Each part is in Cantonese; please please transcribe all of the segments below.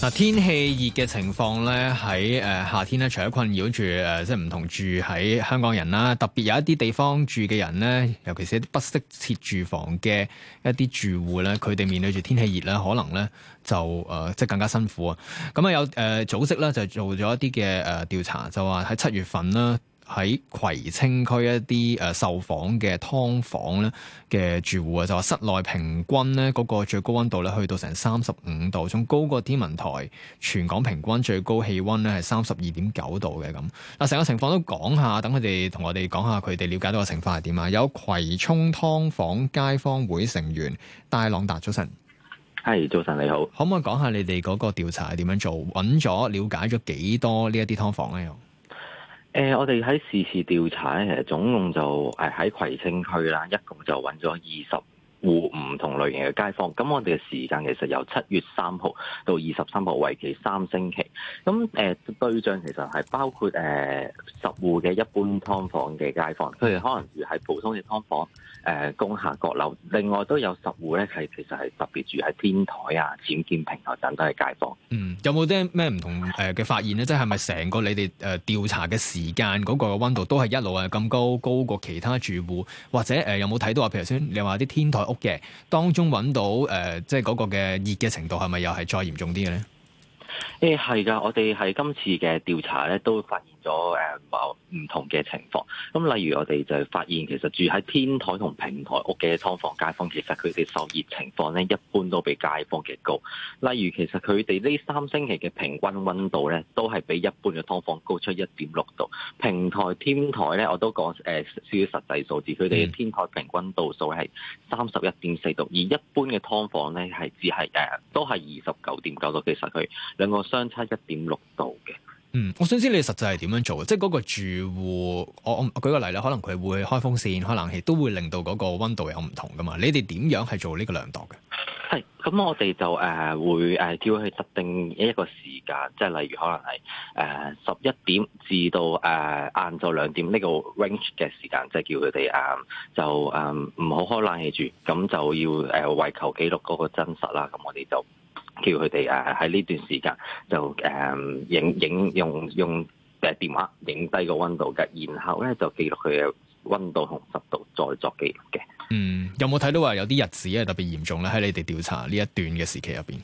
嗱，天氣熱嘅情況咧，喺誒夏天咧，除咗困擾住誒，即係唔同住喺香港人啦，特別有一啲地方住嘅人咧，尤其是一啲不適切住房嘅一啲住戶咧，佢哋面對住天氣熱咧，可能咧就誒即係更加辛苦啊！咁啊有誒組織咧就做咗一啲嘅誒調查，就話喺七月份啦。喺葵青區一啲誒受訪嘅劏房咧嘅住戶啊，就話室內平均咧嗰個最高温度咧去到成三十五度，仲高過天文台全港平均最高氣温咧係三十二點九度嘅咁。嗱，成個情況都講下，等佢哋同我哋講下佢哋了解到嘅情況係點啊。有葵涌劏房街坊會成員戴朗達早晨，係早晨你好，可唔可以講下你哋嗰個調查係點樣做，揾咗了，了解咗幾多這些呢一啲劏房咧？誒、欸，我哋喺事事調查咧，其實總共就誒喺葵青區啦，一共就搵咗二十戶唔同類型嘅街坊，咁我哋嘅時間其實由七月三號到二十三號，為期三星期。咁誒、呃、對象其實係包括誒十、呃、戶嘅一般㓥房嘅街坊，譬如可能住喺普通嘅劏房誒、呃、公廈閣樓。另外都有十戶咧，係其實係特別住喺天台啊、僭建平台等等嘅街坊。嗯，有冇啲咩唔同誒嘅發現咧？即係咪成個你哋誒調查嘅時間嗰個嘅溫度都係一路係咁高，高過其他住戶，或者誒、呃、有冇睇到話譬如先你話啲天台？屋嘅當中揾到誒，即係嗰個嘅熱嘅程度係咪又係再嚴重啲嘅咧？誒係噶，我哋喺今次嘅調查咧，都發現咗誒唔同嘅情況。咁例如我哋就係發現，其實住喺天台同平台屋嘅劏房街坊，其實佢哋受熱情況咧，一般都比街坊嘅高。例如，其實佢哋呢三星期嘅平均溫度咧，都係比一般嘅劏房高出一點六度。平台天台咧，我都講誒少啲實際數字，佢哋嘅天台平均度數係三十一點四度，而一般嘅劏房咧係只係誒都係二十九點九度。其實佢兩個。相差一點六度嘅。嗯，我想知你實際係點樣做嘅？即係嗰個住戶，我我舉個例啦，可能佢會開風扇、開冷氣，都會令到嗰個温度有唔同噶嘛？你哋點樣係做呢個量度嘅？係咁，我哋就誒、呃、會誒叫佢特定一個時間，即係例如可能係誒十一點至到誒晏晝兩點呢、呢個 range 嘅時間，即係叫佢哋誒就誒唔好開冷氣住，咁就要誒、呃、為求記錄嗰個真實啦。咁我哋就。叫佢哋誒喺呢段時間就誒影影用用誒電話影低個溫度嘅，然後咧就記錄佢嘅溫度同濕度再作記錄嘅。嗯，有冇睇到話有啲日子係特別嚴重咧？喺你哋調查呢一段嘅時期入邊，誒、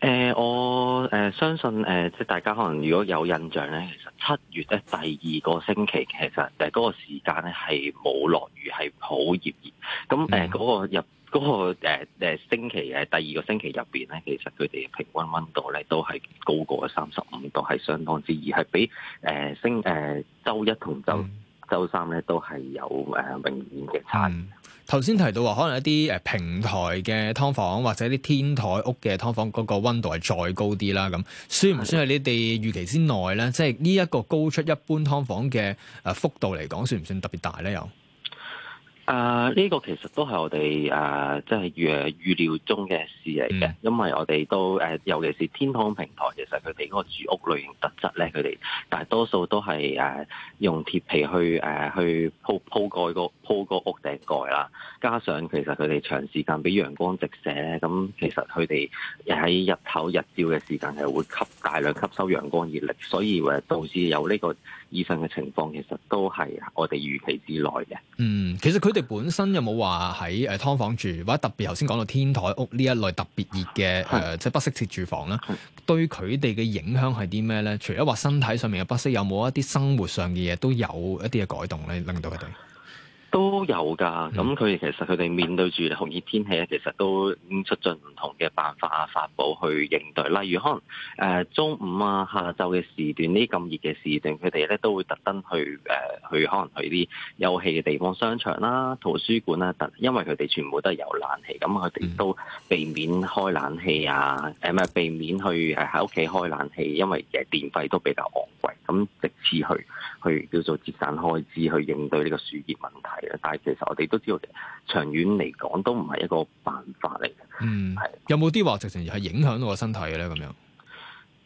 呃，我誒、呃、相信誒，即、呃、係大家可能如果有印象咧，其實七月咧第二個星期其實誒個時間咧係冇落雨，係好炎熱咁誒個。個嗰、那個誒、呃、星期誒第二個星期入邊咧，其實佢哋平均溫度咧都係高過三十五度，係相當之二，而係比誒、呃、星誒、呃、週一同週週三咧都係有誒、呃、明顯嘅差、嗯。頭先提到話，可能一啲誒平台嘅劏房或者啲天台屋嘅劏房嗰個溫度係再高啲啦。咁算唔算係你哋預期之內咧？即係呢一個高出一般劏房嘅誒幅度嚟講，算唔算特別大咧？又？啊！呢、這個其實都係我哋啊，即係預預料中嘅事嚟嘅，因為我哋都誒、啊，尤其是天空平台，其實佢哋嗰個住屋類型特質咧，佢哋大多數都係誒、啊、用鐵皮去誒、啊、去鋪鋪蓋個。多個屋頂蓋啦，加上其實佢哋長時間俾陽光直射咧，咁其實佢哋喺日頭日照嘅時間係會吸大量吸收陽光熱力，所以誒導致有呢個以上嘅情況，其實都係我哋預期之內嘅。嗯，其實佢哋本身有冇話喺誒劏房住，或者特別頭先講到天台屋呢一類特別熱嘅誒，即、嗯、係、呃就是、不適切住房啦、嗯。對佢哋嘅影響係啲咩咧？除咗話身體上面嘅不適，有冇一啲生活上嘅嘢都有一啲嘅改動咧，令到佢哋？都有㗎，咁佢哋其實佢哋面對住酷熱天氣咧，其實都出盡唔同嘅辦法法寶去應對。例如可能誒、呃、中午啊、下晝嘅時段呢咁熱嘅時段，佢哋咧都會特登去誒、呃、去可能去啲有氣嘅地方、商場啦、啊、圖書館啦、啊，因為佢哋全部都係有冷氣，咁佢哋都避免開冷氣啊，呃、避免去喺屋企開冷氣，因為誒電費都比較昂貴，咁直次去去叫做節省開支去應對呢個暑熱問題。但係其實我哋都知道，長遠嚟講都唔係一個辦法嚟嘅。嗯，係有冇啲話直情係影響到個身體咧？咁樣。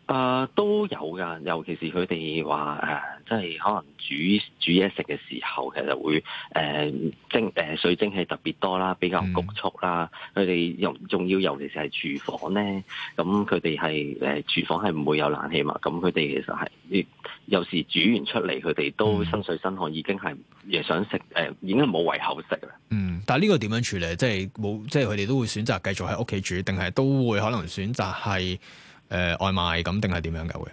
啊、呃，都有噶，尤其是佢哋話誒，即係可能煮煮嘢食嘅時候，其實會誒、呃、蒸誒、呃、水蒸氣特別多啦，比較焗促啦。佢、嗯、哋又仲要，尤其是係廚房咧，咁佢哋係誒廚房係唔會有冷氣嘛？咁佢哋其實係，有時煮完出嚟，佢哋都身水身汗已、呃，已經係亦想食誒，已經係冇胃口食啦。嗯，但係呢個點樣處理？即係冇，即係佢哋都會選擇繼續喺屋企煮，定係都會可能選擇係？誒、呃、外賣咁定係點樣嘅會？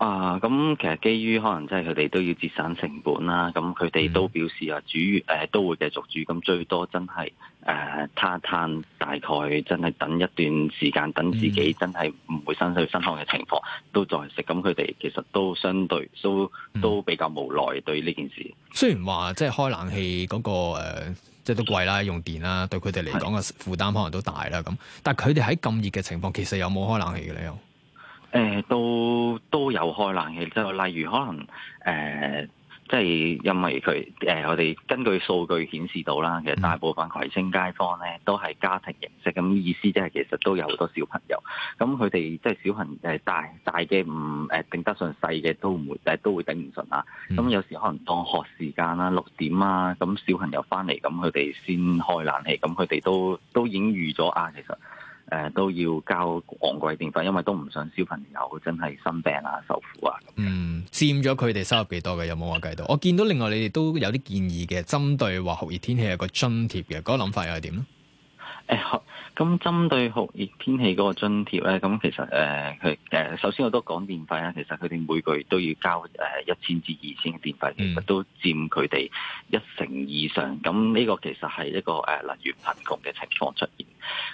啊，咁其實基於可能即係佢哋都要節省成本啦，咁佢哋都表示啊，煮、嗯、誒都會繼續煮，咁最多真係誒攤一攤，大概真係等一段時間，等自己真係唔會生水生瘡嘅情況都再食。咁佢哋其實都相對都、嗯、都比較無奈對呢件事。雖然話即係開冷氣嗰、那個、呃、即係都貴啦，用電啦，對佢哋嚟講嘅負擔可能都大啦。咁，但係佢哋喺咁熱嘅情況，其實有冇開冷氣嘅理由。誒、呃、都都有開冷氣，就例如可能誒、呃，即係因為佢誒、呃，我哋根據數據顯示到啦，其實大部分葵青街坊咧都係家庭形式，咁意思即係其實都有好多小朋友，咁佢哋即係小朋友大大嘅唔誒頂得順，細嘅都唔會都會頂唔順啦。咁有時可能當學時間啦，六點啊，咁小朋友翻嚟，咁佢哋先開冷氣，咁佢哋都都已經預咗啊，其實。誒都要交昂貴電費，因為都唔想小朋友真係生病啊、受苦啊。嗯，佔咗佢哋收入幾多嘅？有冇話計到？我見到另外你哋都有啲建議嘅，針對話酷熱天氣有個津貼嘅，嗰、嗰個諗法又係點咧？咁、哎、針對酷熱天氣嗰個津貼咧，咁其實誒佢、呃、首先我都講電費啦，其實佢哋每個月都要交一千至二千嘅電費，其實都佔佢哋一成以上。咁呢個其實係一個誒能源貧窮嘅情況出現。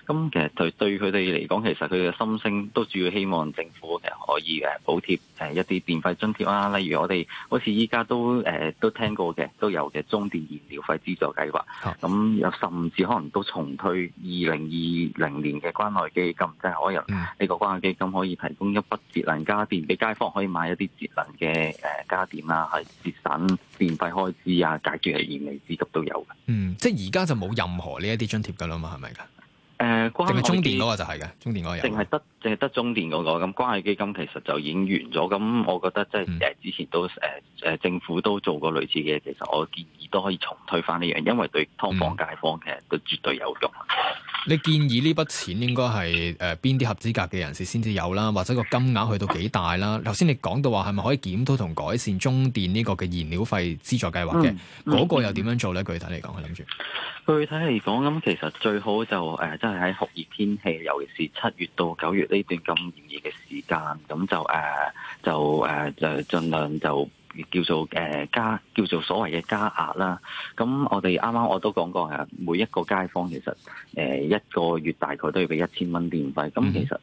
咁其實對佢哋嚟講，其實佢嘅心聲都主要希望政府嘅可以誒補貼一啲電費津貼啦。例如我哋好似依家都都聽過嘅，都有嘅中電燃料費資助計劃。咁甚至可能都重推。二零二零年嘅關愛基金，即係可以由呢個關愛基金可以提供一筆節能家電俾街坊，可以買一啲節能嘅誒家電啦，係節省電費開支啊，解決係燃眉之急都有嘅。嗯，即係而家就冇任何呢一啲津貼噶啦嘛，係咪噶？誒、呃，淨係中電嗰個就係嘅，中電嗰個淨係得淨係得中電嗰、嗰個，咁關愛基金其實就已經完咗。咁我覺得即係誒、嗯、之前都誒誒、呃、政府都做過類似嘅，其實我建議。都可以重推翻呢樣，因為對劏房街坊其實都絕對有用。嗯、你建議呢筆錢應該係誒邊啲合資格嘅人士先至有啦，或者個金額去到幾大啦？頭先你講到話係咪可以檢討同改善中電呢個嘅燃料費資助計劃嘅？嗰、嗯嗯嗰個又點樣做咧？具體嚟講，我諗住。具體嚟講，咁其實最好就誒，真係喺酷熱天氣，尤其是七月到九月呢段咁炎熱嘅時間，咁就誒、呃、就誒、呃、就儘量就。叫做誒加叫做所謂嘅加壓啦，咁我哋啱啱我都講過係，每一個街坊其實誒一個月大概都要俾一千蚊電費，咁其實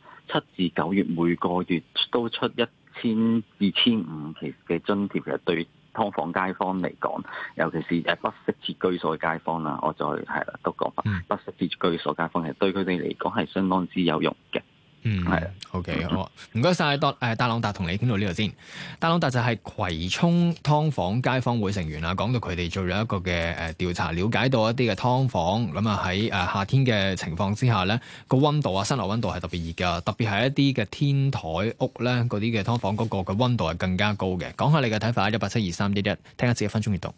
七至九月每個月都出一千二千五其實嘅津貼嘅，其實對劏房街坊嚟講，尤其是誒不適切居所嘅街坊啦，我再係啦都講返不適切居所街坊係對佢哋嚟講係相當之有用嘅。嗯，係啊，OK，好，唔該晒，戴，誒戴朗達同你傾到呢度先。戴朗達就係葵涌劏房街坊會成員啊。講到佢哋做咗一個嘅誒調查，了解到一啲嘅劏房咁啊喺誒夏天嘅情況之下咧，個温度啊，室內温度係特別熱噶，特別係一啲嘅天台屋咧，嗰啲嘅劏房嗰個嘅温度係更加高嘅。講下你嘅睇法，一八七二三一一，聽下自一分鐘熱度。